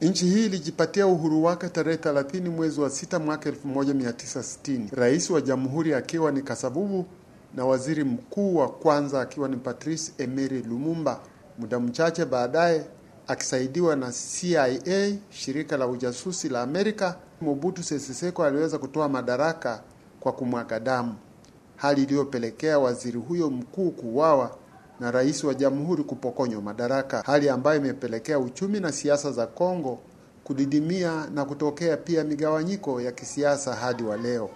Nchi hii ilijipatia uhuru wake tarehe 30 mwezi wa 6 mwaka 1960, rais wa jamhuri akiwa ni Kasavubu na waziri mkuu wa kwanza akiwa ni Patrice Emery Lumumba, muda mchache baadaye akisaidiwa na CIA, shirika la ujasusi la Amerika, Mobutu Sese Seko aliweza kutoa madaraka kwa kumwaga damu, hali iliyopelekea waziri huyo mkuu kuuawa na rais wa jamhuri kupokonywa madaraka, hali ambayo imepelekea uchumi na siasa za Kongo kudidimia na kutokea pia migawanyiko ya kisiasa hadi wa leo.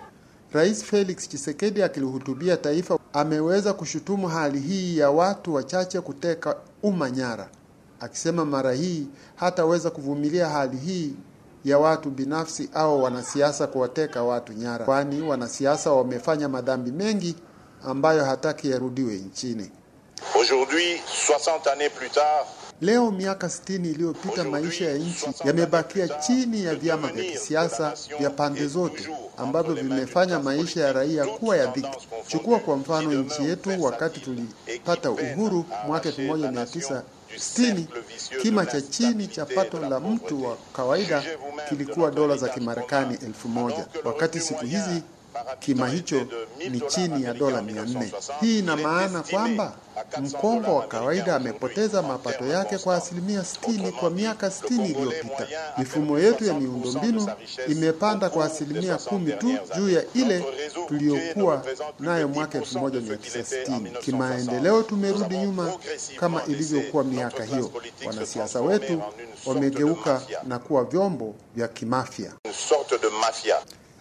Rais Felix Tshisekedi akilihutubia taifa ameweza kushutumu hali hii ya watu wachache kuteka umma nyara, akisema mara hii hataweza kuvumilia hali hii ya watu binafsi au wanasiasa kuwateka watu nyara, kwani wanasiasa wamefanya madhambi mengi ambayo hataki yarudiwe nchini. Aujourd'hui, 60 années plus tard, Leo miaka 60 iliyopita, maisha ya nchi yamebakia chini ya vyama vya kisiasa vya pande zote ambavyo vimefanya maisha ya raia kuwa ya dhiki. Chukua kwa mfano nchi yetu, wakati tulipata uhuru mwaka 1960, kima cha chini cha pato la mtu wa kawaida kilikuwa dola za Kimarekani elfu moja wakati siku hizi kima hicho ni chini ya dola mia nne. Hii ina maana kwamba Mkongo wa kawaida amepoteza mapato yake kwa asilimia sitini kwa miaka sitini iliyopita. Mifumo yetu ya miundombinu imepanda kwa asilimia kumi tu juu ya ile tuliyokuwa nayo mwaka 1960. Kimaendeleo tumerudi nyuma kama ilivyokuwa miaka hiyo. Wanasiasa wetu wamegeuka na kuwa vyombo vya kimafia.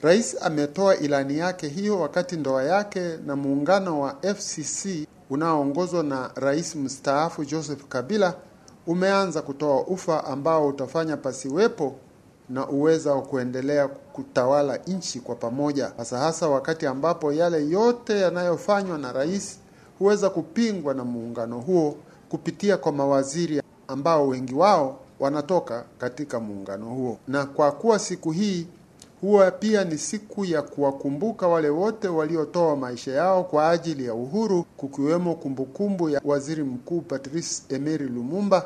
Rais ametoa ilani yake hiyo wakati ndoa yake na muungano wa FCC unaoongozwa na Rais mstaafu Joseph Kabila umeanza kutoa ufa ambao utafanya pasiwepo na uweza wa kuendelea kutawala nchi kwa pamoja, hasa hasa wakati ambapo yale yote yanayofanywa na rais huweza kupingwa na muungano huo kupitia kwa mawaziri ambao wengi wao wanatoka katika muungano huo. Na kwa kuwa siku hii huwa pia ni siku ya kuwakumbuka wale wote waliotoa maisha yao kwa ajili ya uhuru, kukiwemo kumbukumbu ya Waziri Mkuu Patrice Emery Lumumba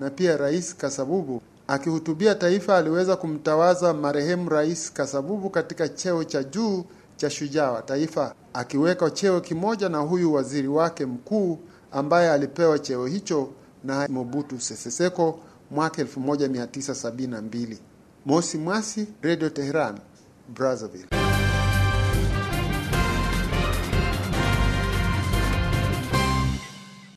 na pia Rais Kasabubu. Akihutubia taifa, aliweza kumtawaza marehemu Rais Kasabubu katika cheo cha juu cha shujaa wa taifa, akiweka cheo kimoja na huyu waziri wake mkuu ambaye alipewa cheo hicho na Mobutu Sese Seko mwaka 1972. Mosi Mwasi, Radio Tehran, Brazzaville.